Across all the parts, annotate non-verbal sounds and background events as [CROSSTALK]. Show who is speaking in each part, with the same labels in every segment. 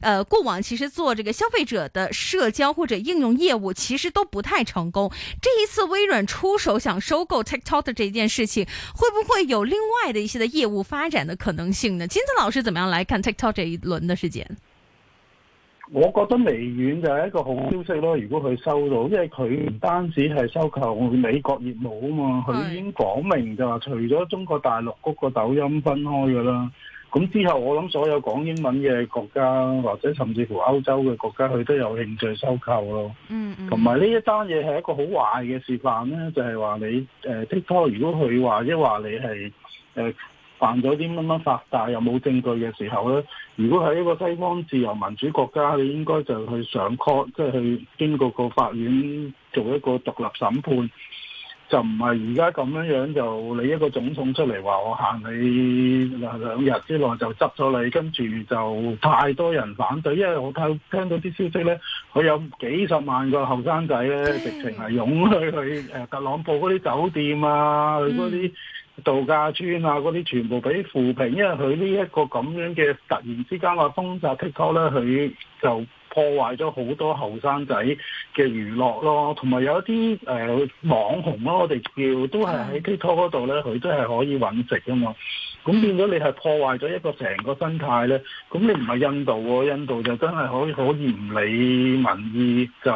Speaker 1: 呃，過往其實做這個消費者的社交或者應用業務，其實都不太成功。這一次微軟出手想收購 TikTok 的這件事情，會不會有另外的一些的業務發展的可能性呢？金曹老師怎麼樣來看 TikTok 這一輪的事件？
Speaker 2: 我覺得微軟就係一個好消息咯。如果佢收到，因為佢唔單止係收購美國業務啊嘛，佢已經講明就話，除咗中國大陸嗰個抖音分開噶啦。咁之後，我諗所有講英文嘅國家，或者甚至乎歐洲嘅國家，佢都有興趣收購咯。嗯嗯。同埋呢一單嘢係一個好壞嘅示範咧，就係話你、呃、TikTok 如果佢話即話你係、呃、犯咗啲乜乜法大，但又冇證據嘅時候咧，如果係一個西方自由民主國家，你應該就去上 court，即係去經過個法院做一個獨立審判。就唔係而家咁樣樣，就你一個總統出嚟話，我限你兩日之內就執咗你，跟住就太多人反對，因為我睇聽到啲消息咧，佢有幾十萬個後生仔咧，直情係湧去去、呃、特朗普嗰啲酒店啊，去嗰啲度假村啊，嗰啲全部俾扶平，因為佢呢一個咁樣嘅突然之間嘅封殺 TikTok 咧，佢就。破壞咗好多後生仔嘅娛樂咯，同埋有一啲誒、呃、網紅咯，嗯、我哋叫都係喺 TikTok 嗰度咧，佢都係可以搵食噶嘛。咁變咗你係破壞咗一個成個生態咧。咁你唔係印度喎、哦，印度就真係可可以唔理民意就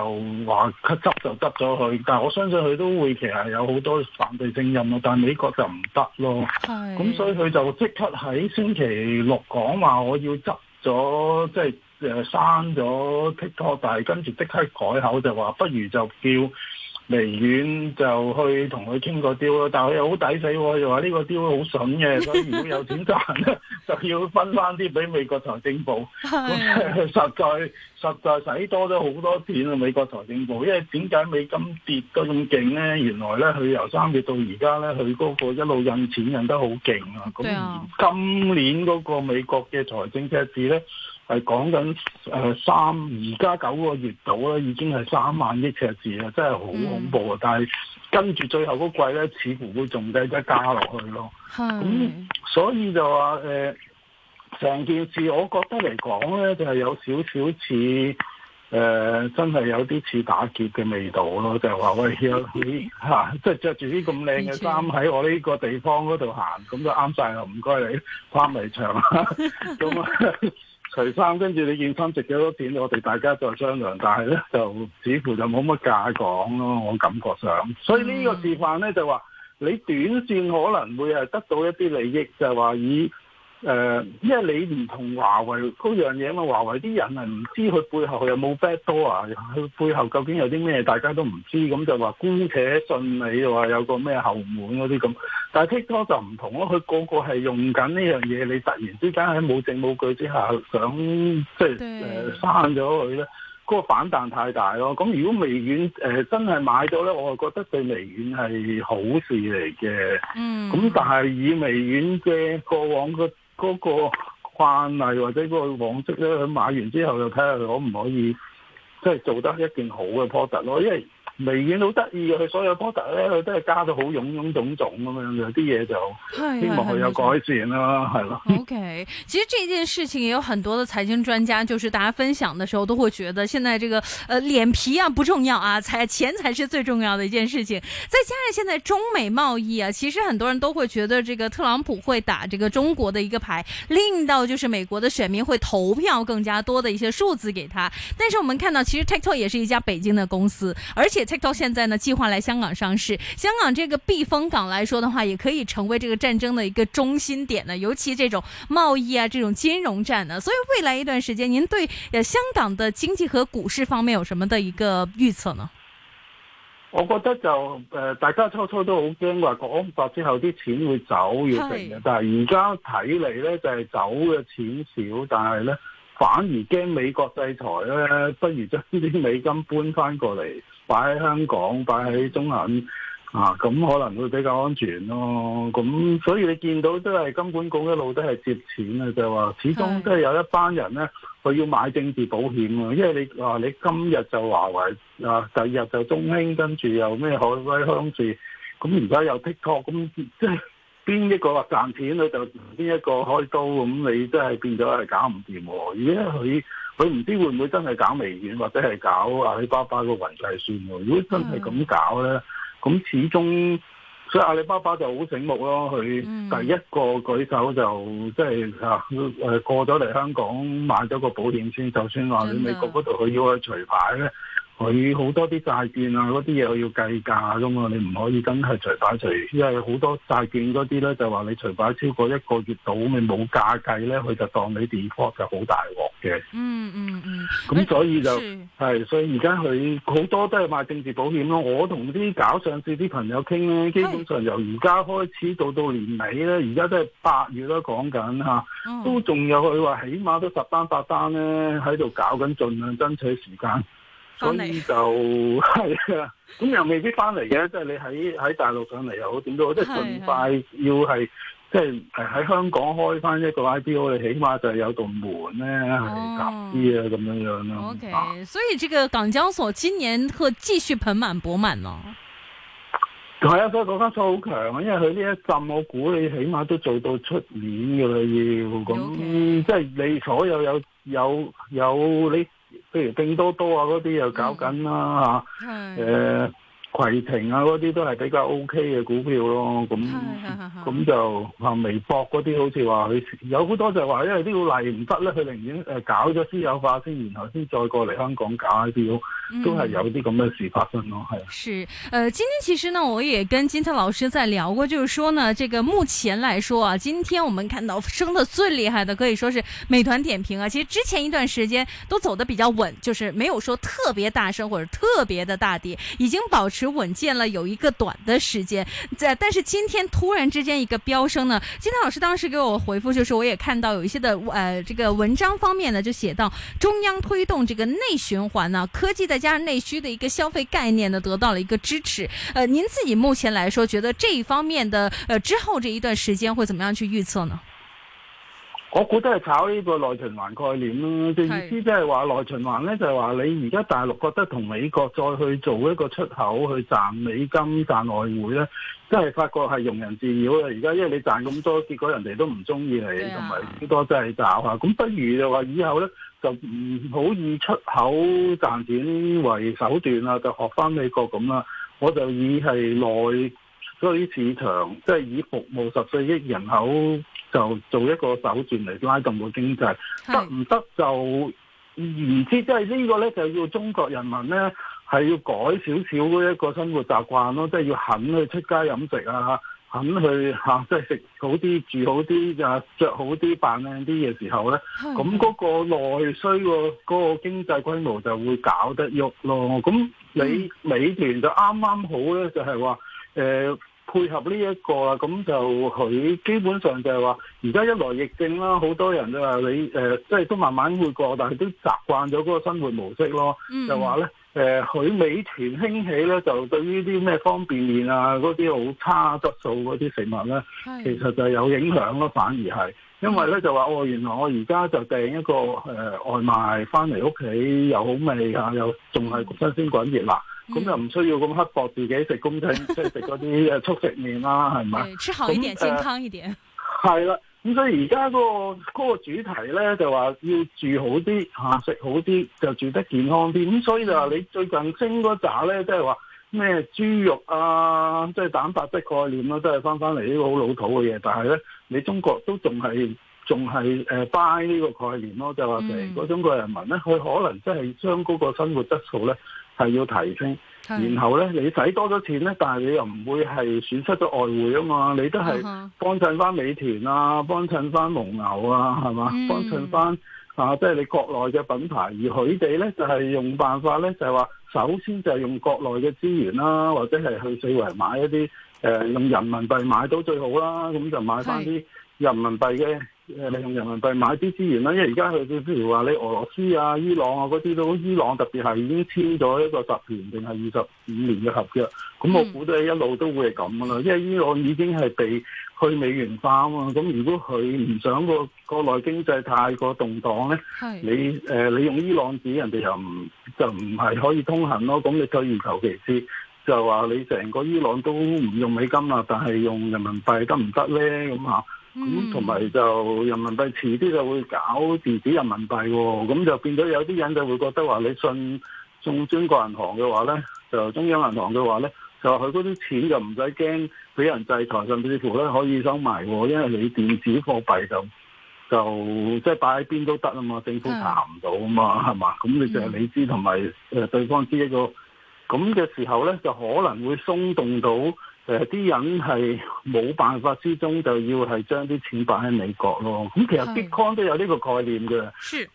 Speaker 2: 話佢執就執咗佢。但我相信佢都會其實有好多反對聲音咯。但美國就唔得咯。係。咁所以佢就即刻喺星期六講話，我要執咗即係。就是生咗 TikTok，但係跟住即刻改口就話，不如就叫微軟就去同佢傾個 deal 咯。好抵死喎，又話呢個 deal 好筍嘅， [LAUGHS] 所以如果有錢賺咧，就要分翻啲俾美國財政部。
Speaker 3: 咁 [LAUGHS]
Speaker 2: 實在實在使多咗好多錢啊！美國財政部，因為點解美金跌咁勁咧？原來咧，佢由三月到而家咧，佢嗰個一路印錢印得好勁啊！咁今年嗰個美國嘅財政赤字咧。係講緊誒三，而家九個月度咧，已經係三萬億赤字啊，真係好恐怖啊、嗯！但係跟住最後嗰季咧，似乎會仲繼再加落去咯。咁、嗯，所以就話誒，成、呃、件事我覺得嚟講咧，就係、是、有少少似誒，真係有啲似打劫嘅味道咯。就話、是、喂，你吓即係着住啲咁靚嘅衫喺我呢個地方嗰度行，咁就啱晒啦！唔該你返嚟唱。呵呵」咁啊。 [LAUGHS] 除衫，跟住你件衫值幾多錢，我哋大家再商量。但係咧，就似乎就冇乜價講咯，我感覺上。所以呢個示範咧，就話你短線可能會係得到一啲利益，就係、是、話以。誒、呃，因為你唔同華為嗰樣嘢嘛，華為啲人係唔知佢背後有冇 Backdoor 啊，佢背後究竟有啲咩，大家都唔知，咁就話姑且信你，話有個咩後門嗰啲咁。但係 TikTok 就唔同咯，佢個個係用緊呢樣嘢，你突然之間喺冇證冇據之下想即係誒刪咗佢咧，嗰個、呃、反彈太大咯。咁如果微軟、呃、真係買咗咧，我就覺得對微軟係好事嚟嘅。嗯。咁但係以微軟嘅過往個嗰個慣例或者嗰個往績咧，佢買完之後就睇下佢可唔可以，即係做得一件好嘅 product 咯，因為微軟好得意嘅，佢所有波特
Speaker 1: 咧，佢都係加到好臃臃
Speaker 2: 腫腫咁樣嘅，啲嘢就希望佢
Speaker 1: 有改善啦，係咯。 [MUSIC] OK，其實這件事情也有很多的財經專家，就是大家分享的時候都會覺得，現在這個呃臉皮啊不重要啊，財錢才是最重要的一件事情。再加上現在中美貿易啊，其實很多人都會覺得，這個特朗普會打這個中國的一個牌，令到就是美國的選民會投票更加多的一些數字給他。但是我們看到，其實 TikTok 也是一家北京的公司，而且。到現在呢，計劃來香港上市。香港這個避風港來說的話，也可以成為這個戰爭的一個中心點呢。尤其這種貿易啊，這種金融戰呢、啊。所以未來一段時間，您對誒香港的經濟和股市方面有什麼的一個預測呢？
Speaker 2: 我覺得就誒、呃，大家初初都好驚話，國安法之後啲錢會走要剩嘅，但係而家睇嚟咧，就係、是、走嘅錢少，但係咧反而驚美國制裁咧，不如將啲美金搬翻過嚟。擺喺香港，擺喺中銀啊，咁可能會比較安全咯啊。咁所以你見到都係金管局一路都係接錢啊，就話始終都係有一班人咧，佢要買政治保險啊。因為你話，你今日就華為啊，第二日就中興跟住又咩海康威視，咁而家又 TikTok，咁即係邊一個話賺錢佢就邊一個開刀咁，你真係變咗係搞唔掂啊。如果佢佢唔知會唔會真係搞微軟，或者係搞阿里巴巴個雲計算喎？如果真係咁搞咧，咁始終，所以阿里巴巴就好醒目咯。佢第一個舉手就即係嚇誒過咗嚟香港買咗個保險先，就算話你美國嗰度佢要去除牌咧。佢好多啲債券啊，嗰啲嘢我要計價噶嘛，你唔可以真係隨擺隨便，因為好多債券嗰啲咧就話你隨擺超過一個月到，你冇價計咧，佢就當你 default 就好大鑊嘅。嗯嗯嗯，咁、嗯、所以就係、哎、所以而家佢好多都係賣政治保險咯。我同啲搞上市啲朋友傾咧，基本上由而家開始到到年尾咧，而家都係八月都講緊吓，都仲有佢話起碼都十單八單咧喺度搞緊，盡量爭取時間。所以就係啊，咁又未必翻嚟嘅，即 [LAUGHS] 係你喺喺大陸上嚟又好，點都好，即係儘快要係，即係喺香港開翻一個 IPO，你起碼就係有道門咧係啲啊咁樣樣咯。O K，
Speaker 1: 所以這個港交所今年特繼續盆滿缽滿咯。
Speaker 2: 係 [LAUGHS] 啊，所以港交所好強啊，因為佢呢一浸，我估你起碼都做到出年㗎啦要，咁即係你所有有有有你。.譬如拼多多啊嗰啲又搞緊啦嚇，誒攜程啊嗰啲都係比較 O K 嘅股票咯，咁咁就啊微博嗰啲好似話佢有好多就係話因為啲例唔得咧，佢寧願誒搞咗私有化先，然後先再過嚟香港搞啲囉。都係有啲咁
Speaker 1: 嘅事發生咯。哦，啊、嗯，是，呃，今天其實呢，我也跟金策老師在聊過，就是說呢，這個目前來說啊，今天我們看到升得最厲害的，可以說是美團點評啊。其實之前一段時間都走得比較穩，就是沒有說特別大升或者特別的大跌，已經保持穩健了有一個短的時間。在，但是今天突然之間一個飆升呢，金策老師當時給我回覆，就是我也看到有一些的呃，這個文章方面呢就寫到中央推動這個內循環呢，啊，科技在。再加上內需的一個消費概念呢，得到了一個支持。呃，您自己目前來說，覺得這一方面的，呃，之後這一段時間會怎麼樣去預測呢？
Speaker 2: 我估都係炒呢個內循環概念啦，意思即係話內循環咧，就係話你而家大陸覺得同美國再去做一個出口去賺美金賺外匯咧，即係發覺係庸人自擾啊！而家因為你賺咁多，結果人哋都唔中意你，同埋好多真係搞下，咁不如就話以後咧就唔好以出口賺錢為手段啦，就學翻美國咁啦，我就以係內嗰啲市場，即係以服務十四億人口。就做一個手段嚟拉動個經濟，得唔得就唔知。即係呢個咧，就叫中國人民咧係要改少少嘅一個生活習慣咯。即係要肯去出街飲食啊，肯去嚇即係食好啲、住好啲、着好啲、扮靚啲嘅時候咧，咁嗰個內需個嗰個經濟規模就會搞得喐咯。咁美、嗯、美團就啱啱好咧，就係話誒。配合呢、這、一個咁就佢基本上就係話，而家一來疫症啦，好多人都話你誒，即、呃、係都慢慢會過，但係都習慣咗嗰個生活模式咯。嗯、就話咧佢美團興起咧，就對於啲咩方便麵啊嗰啲好差質素嗰啲食物咧，其實就有影響咯，反而係。因為咧就話哦，原來我而家就訂一個誒、呃、外賣翻嚟屋企又好味啊，又仲係新鮮滾熱辣，咁、嗯、就唔需要咁刻薄自己食 [LAUGHS] 食食公仔，即係食嗰啲誒速食麵啦，係咪？對，吃好一點，嗯、健康一點。係、嗯、
Speaker 1: 啦，
Speaker 2: 咁、呃、所以而家嗰個、嗰個主題咧就話要住好啲吓，食、啊、好啲就住得健康啲。咁所以就話你最近升嗰扎咧，即係話。咩豬肉啊，即係蛋白質概念啦，都係翻翻嚟呢個好老土嘅嘢。但係咧，你中國都仲係仲係誒 Buy 呢個概念咯，就話成個，嗯，中國人民咧，佢可能真係將嗰個生活質素咧係要提升。然後咧，你使多咗錢咧，但係你又唔會係損失咗外匯啊嘛，你都係幫襯翻美團啊，幫襯翻蒙牛啊，係嘛？幫襯翻。啊！即、就、係、是、你國內嘅品牌，而佢哋咧就係、是、用辦法咧，就係、是、話首先就係用國內嘅資源啦，或者係去四圍買一啲誒、呃、用人民幣買到最好啦，咁就買翻啲人民幣嘅，你用人民幣買啲資源啦。因為而家去到，譬如話你俄羅斯啊、伊朗啊嗰啲都，伊朗特別係已經簽咗一個十年定係二十五年嘅合約，咁我估都係一路都會係咁噶啦、嗯。因為伊朗已經係被去美元化啊嘛，咁如果佢唔想個國內經濟太過動盪咧，你誒、呃、你用伊朗紙，人哋又唔就唔係可以通行咯。咁你退而求其次，就話你成個伊朗都唔用美金啦，但係用人民幣得唔得咧？咁吓，咁同埋就人民幣遲啲就會搞電子人民幣，喎，咁就變咗有啲人就會覺得話，你信中國銀行嘅話咧，就中央銀行嘅話咧。就佢嗰啲錢就唔使驚俾人制裁，甚至乎咧可以收埋喎，因為你電子貨幣就就即係擺喺邊都得啊嘛，政府查唔到啊嘛，係嘛？咁你就係你知同埋誒對方知一個咁嘅時候咧，就可能會鬆動到誒啲、呃、人係冇辦法之中，就要係將啲錢擺喺美國咯。咁、嗯、其實 Bitcoin 都有呢個概念嘅，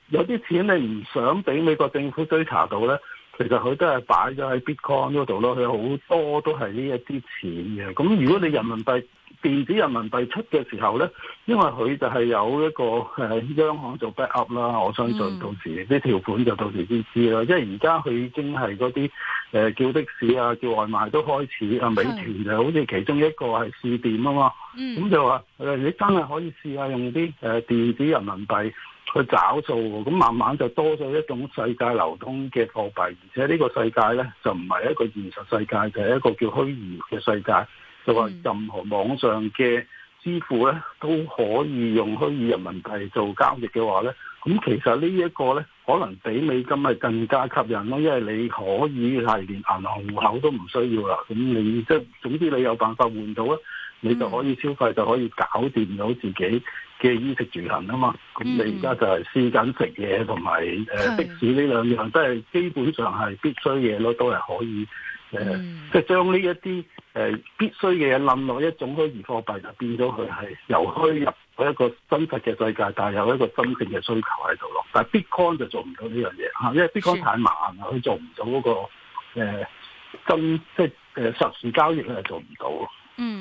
Speaker 2: 有啲錢你唔想俾美國政府追查到咧。其實佢都係擺咗喺 Bitcoin 嗰度咯，佢好多都係呢一啲錢嘅。咁如果你人民幣電子人民幣出嘅時候咧，因為佢就係有一個央行做 back up 啦，我相信到時啲、嗯、條款就到時先知啦。因為而家佢已經係嗰啲叫的士啊、叫外賣都開始啊，美團就好似其中一個係試點啊嘛。
Speaker 3: 咁、嗯、就
Speaker 2: 話你真係可以試下用啲誒電子人民幣。佢找數，咁慢慢就多咗一種世界流通嘅貨幣，而且呢個世界呢，就唔係一個現實世界，就係一個叫虛擬嘅世界。就話任何網上嘅支付呢，都可以用虛擬人民幣做交易嘅話呢，咁其實呢一個呢，可能比美金係更加吸引咯，因為你可以係連銀行戶口都唔需要啦。咁你即係總之你有辦法換到啊！你就可以消費，嗯、就可以搞掂到自己嘅衣食住行啊嘛！咁、嗯、你而家就係試緊食嘢同埋誒的士呢兩樣都係基本上係必須嘢咯，都係可以誒，即、呃、係、嗯、將呢一啲誒、呃、必須嘅嘢冧落一種嗰個虛擬貨幣，就變咗佢係由虛入一個真實嘅世界，但係有一個真正嘅需求喺度咯。但係 Bitcoin 就做唔到呢樣嘢嚇，因為 Bitcoin 太慢啊，佢做唔到嗰、那個、呃、真即係誒、呃、實時交易啊，做唔到。嗯。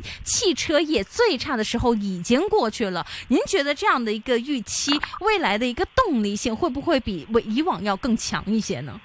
Speaker 1: 汽車業最差的時候已經過去了，您覺得這樣的一個預期，未來的一個動力性會不會比以往要更強一些呢？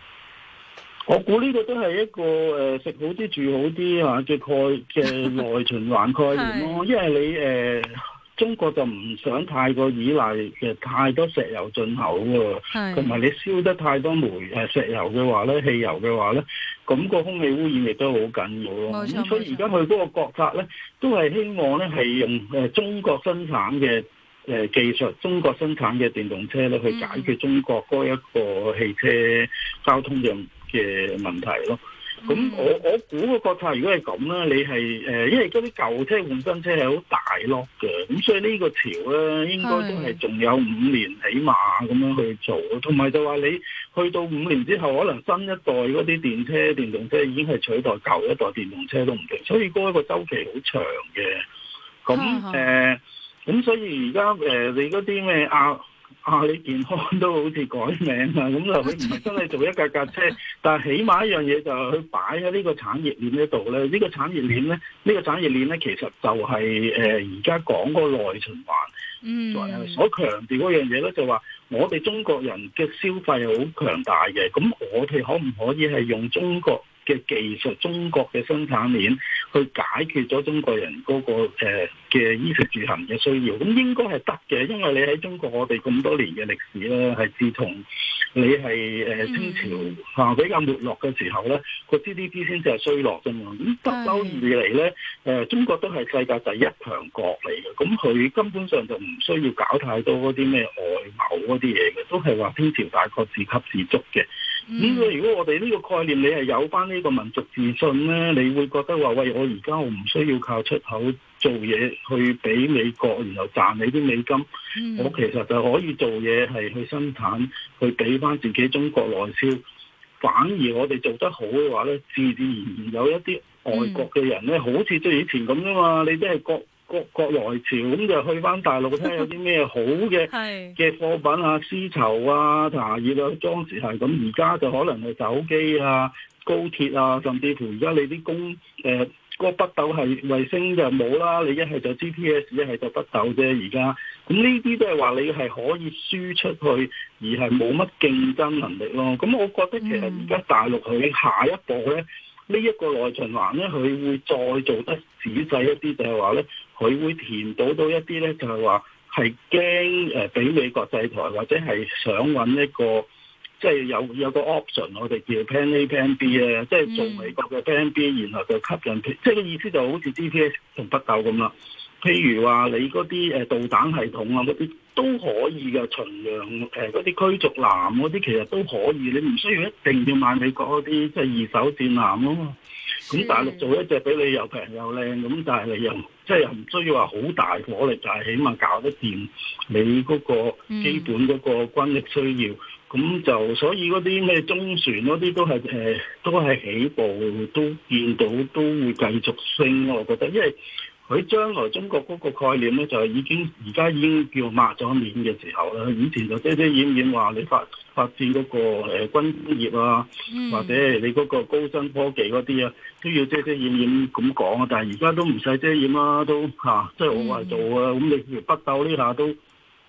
Speaker 2: 我估呢個都係一個誒食、呃、好啲住好啲啊，即係概嘅內循環概念咯，哦，因 [LAUGHS] 為你誒。呃 [LAUGHS] 中國就唔想太過依賴太多石油進口喎，同埋你燒得太多煤石油嘅話咧，汽油嘅話咧，咁個空氣污染亦都好緊要咯。咁所以而家佢嗰個國策咧，都係希望咧係用中國生產嘅、呃、技術，中國生產嘅電動車咧去解決中國嗰一個汽車交通嘅嘅問題咯。嗯嗯。咁、嗯、我我估個角度，如果係咁咧，你係誒，因為嗰啲舊車換新車係好大落嘅，咁所以呢個條咧應該都係仲有五年起碼咁樣去做，同埋就話你去到五年之後，可能新一代嗰啲電車、電動車已經係取代舊一代電動車都唔定，所以嗰一個周期好長嘅。咁誒，咁、呃、所以而家誒，你嗰啲咩啊？啊！你健康都好似改名啊，咁就佢唔係真係做一架架車， [LAUGHS] 但係起碼一樣嘢就係去擺喺呢個產業鏈嗰度咧。呢個產業鏈咧，呢個產業鏈咧，其實就係誒而家講嗰個內循環。嗯、
Speaker 3: 就是，所強
Speaker 2: 調嗰樣嘢咧，就話我哋中國人嘅消費好強大嘅，咁我哋可唔可以係用中國嘅技術、中國嘅生產鏈，去解決咗中國人嗰個嘅衣食住行嘅需要，咁應該係得嘅，因為你喺中國，我哋咁多年嘅歷史咧，係自從你係誒、呃嗯、清朝嚇、啊、比較沒落嘅時候咧，個 GDP 先至係衰落嘅嘛。咁得翻而嚟咧，誒、呃、中國都係世界第一強國嚟嘅，咁佢根本上就唔需要搞太多嗰啲咩外貿嗰啲嘢嘅，都係話清朝大概自給自足嘅。呢、嗯、如果我哋呢個概念你係有翻呢個民族自信咧，你會覺得話喂，我而家我唔需要靠出口做嘢去俾美國，然後賺你啲美金、嗯，我其實就可以做嘢係去生產，去俾翻自己中國內銷。反而我哋做得好嘅話咧，自自然然有一啲外國嘅人咧，好似即係以前咁啫嘛，你都係國。各國來潮咁就去翻大陸睇下有啲咩好嘅嘅貨品啊，絲綢啊茶葉啊裝飾係咁，而家、啊、就可能係手機啊、高鐵啊，甚至乎而家你啲工誒嗰個北斗係衛星就冇啦，你一係就 G P S，一係就北斗啫。而家咁呢啲都係話你係可以輸出去，而係冇乜競爭能力咯。咁我覺得其實而家大陸佢下一步咧，嗯這個、內循環呢一個內循環咧，佢會再做得仔細一啲，就係話咧。佢會填到到一啲咧，就係話係驚誒俾美國制裁，或者係想搵一個即係、就是、有有個 option，我哋叫 plan A plan B 咧，即係做美國嘅 plan B，然後就吸引，即係個意思就是好似 GPS 同北斗咁啦。譬如話你嗰啲誒導彈系統啊，嗰啲都可以嘅，巡洋誒嗰啲驅逐艦嗰啲其實都可以，你唔需要一定要買美國嗰啲即係二手戰艦啊嘛。咁大陸做一隻俾你又平又靚，咁但係你又即係唔需要話好大火力，就係、是、起碼搞得掂你嗰個基本嗰個軍力需要。咁、嗯、就所以嗰啲咩中船嗰啲都係、呃、都係起步都見到都會繼續升，我覺得，因為佢將來中國嗰個概念咧就係已經而家已經叫抹咗面嘅時候啦，以前就遮遮掩掩話你發。發展嗰、那個誒、呃、軍業啊，嗯、或者你嗰個高新科技嗰啲啊，都要遮遮、遮掩掩咁講啊。但係而家都唔使遮掩啦，都嚇，即係我係做啊。咁你如北斗呢下都，咁、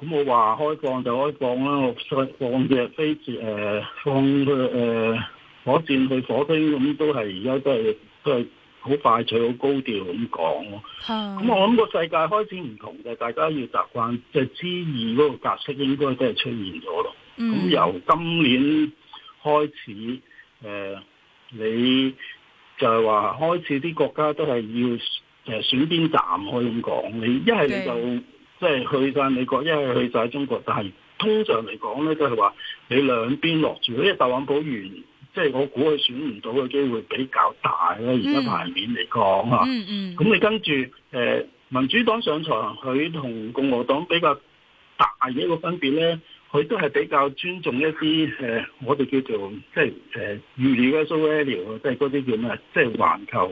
Speaker 2: 嗯、我話開放就開放啦。我放嘅飛機、呃、放嘅誒、呃、火箭去火星咁、嗯，都係而家都係都係好快脆、好高調咁講咯。咁、嗯嗯、我諗個世界開始唔同嘅，大家要習慣即係 G2 嗰個格式，應該都係出現咗咯。咁、嗯嗯、由今年開始，誒、呃，你就係話開始啲國家都係要選邊站，可以咁講。你一係就即係去曬美國，一係去曬中國。但係通常嚟講咧，都係話你兩邊落住，因為特朗普完，即係我估佢選唔到嘅機會比較大。而家排面嚟講啊，咁你跟住誒、呃、民主黨上台，佢同共和黨比較大嘅一個分別咧。佢都係比較尊重一啲誒、呃，我哋叫做即係誒預料嘅 sovereign 即係嗰啲叫咩？即係環球，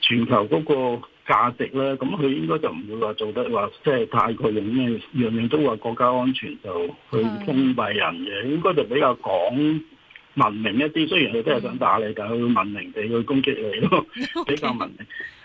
Speaker 2: 全球嗰個價值啦。咁佢應該就唔會話做得話，即係太過用咩，樣樣都話國家安全就去封閉人嘅。應該就比較講文明一啲。雖然佢都係想打你，但佢會文明地去攻擊你咯，比較文明。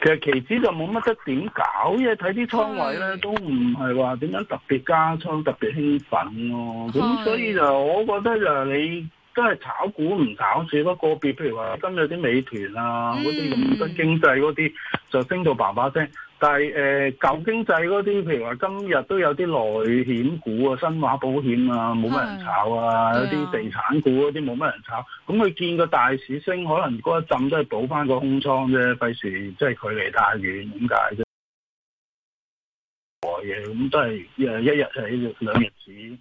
Speaker 2: 其實期指就冇乜得點搞嘢，睇啲倉位咧都唔係話點樣特別加倉特別興奮咯、啊，咁所以就我覺得就你都係炒股唔炒市，只不過個別譬如話今日啲美團啊，好似咁新經濟嗰啲就升到爸爸聲。但係誒、呃、舊經濟嗰啲，譬如話今日都有啲內險股啊、新華保險啊，冇乜人炒啊，有啲地產股嗰啲冇乜人炒。咁佢見個大市升，可能嗰一陣都係補翻個空倉啫，費事即係距離太遠，點解啫？嚟嘢咁都係一日起兩日止，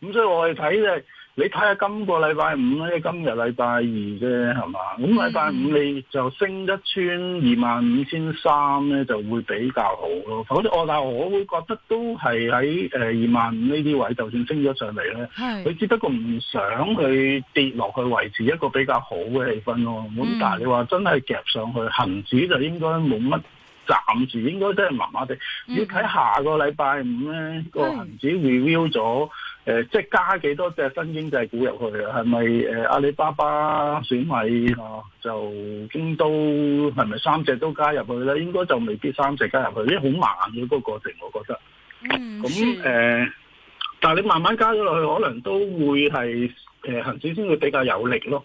Speaker 2: 咁所以我哋睇咧。你睇下今個禮拜五咧，今日禮拜二啫，係嘛？咁禮拜五你就升一穿二萬五千三咧，就會比較好咯。否則我但係我會覺得都係喺二萬五呢啲位，就算升咗上嚟咧，佢只不過唔想佢跌落去維持一個比較好嘅氣氛咯。咁、嗯、但係你話真係夾上去恒指，就應該冇乜暫時，應該真係麻麻地。你、嗯、睇下個禮拜五咧、個恒指 review 咗。誒、呃，即係加幾多少隻新經濟股入去？係咪誒阿里巴巴、小米啊？就京都係咪三隻都加入去咧？應該就未必三隻加入去，呢好慢嘅嗰個過程，我覺得。嗯。咁、呃、誒，但係你慢慢加咗落去，可能都會係誒恒指先會比較有力咯。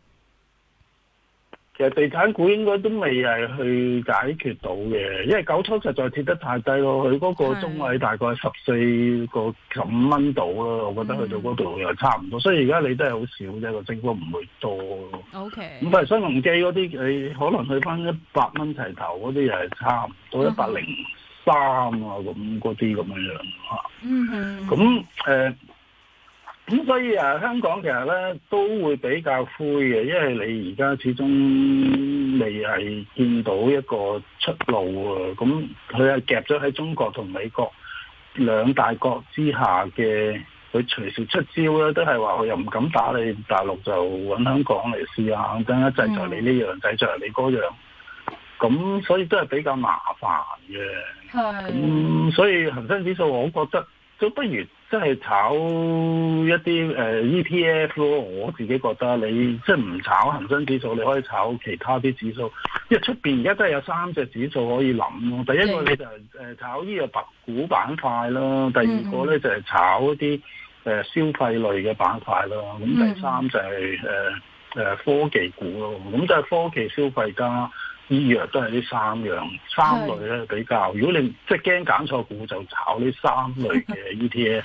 Speaker 2: 誒地產股應該都未係去解決到嘅，因為九倉實在跌得太低咯，佢嗰個中位大概十四個五蚊度咯，我覺得去到嗰度又差唔多，嗯，所以而家你都係好少啫，個升幅唔會多。O K，咁但係新鴻基嗰啲，你可能去翻一百蚊齊頭嗰啲，又係差唔多一百零三啊咁嗰啲咁樣樣嚇。
Speaker 3: 嗯哼，咁
Speaker 2: 誒。咁所以啊，香港其實咧都會比較灰嘅，因為你而家始終未係見到一個出路啊。咁佢係夾咗喺中國同美國兩大國之下嘅，佢隨時出招咧，都係話，佢又唔敢打你大陸就揾香港嚟試下，等一制裁你呢樣，制裁你嗰樣。咁、嗯、所以都係比較麻煩嘅。係。
Speaker 3: 咁
Speaker 2: 所以恒生指數，我覺得都不如。即係炒一啲誒 ETF 咯，我自己覺得你即係唔炒恒生指數，你可以炒其他啲指數。因為出邊而家都係有三隻指數可以諗咯。第一個你就誒炒呢個白股板塊啦，第二個咧就係炒一啲誒消費類嘅板塊啦。咁第三就係誒誒科技股咯。咁即係科技消費加醫藥都係呢三樣三類咧比較，如果你即係驚揀錯股就炒呢三類嘅 ETF，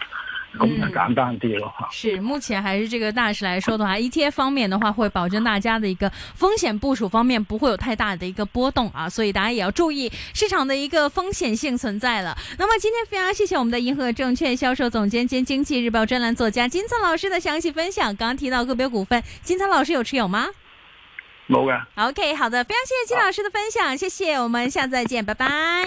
Speaker 2: 咁就簡單啲
Speaker 1: 咯。是目前還是這個大市來說的話 [LAUGHS] ，ETF 方面的話會保證大家的一個風險部署方面不會有太大的一個波動啊，所以大家也要注意市場的一個風險性存在了。那麼今天非常謝謝我們的銀河證券銷售總監兼經濟日報專欄作家金曹老師的詳細分享。剛剛提到個別股份，金曹老師有持有嗎？冇噶，OK 好的，非常謝謝金老師的分享，謝謝，我們下次再見，拜拜。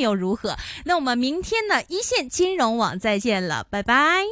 Speaker 1: 又如何？那我們明天呢？一線金融網再見了，拜拜。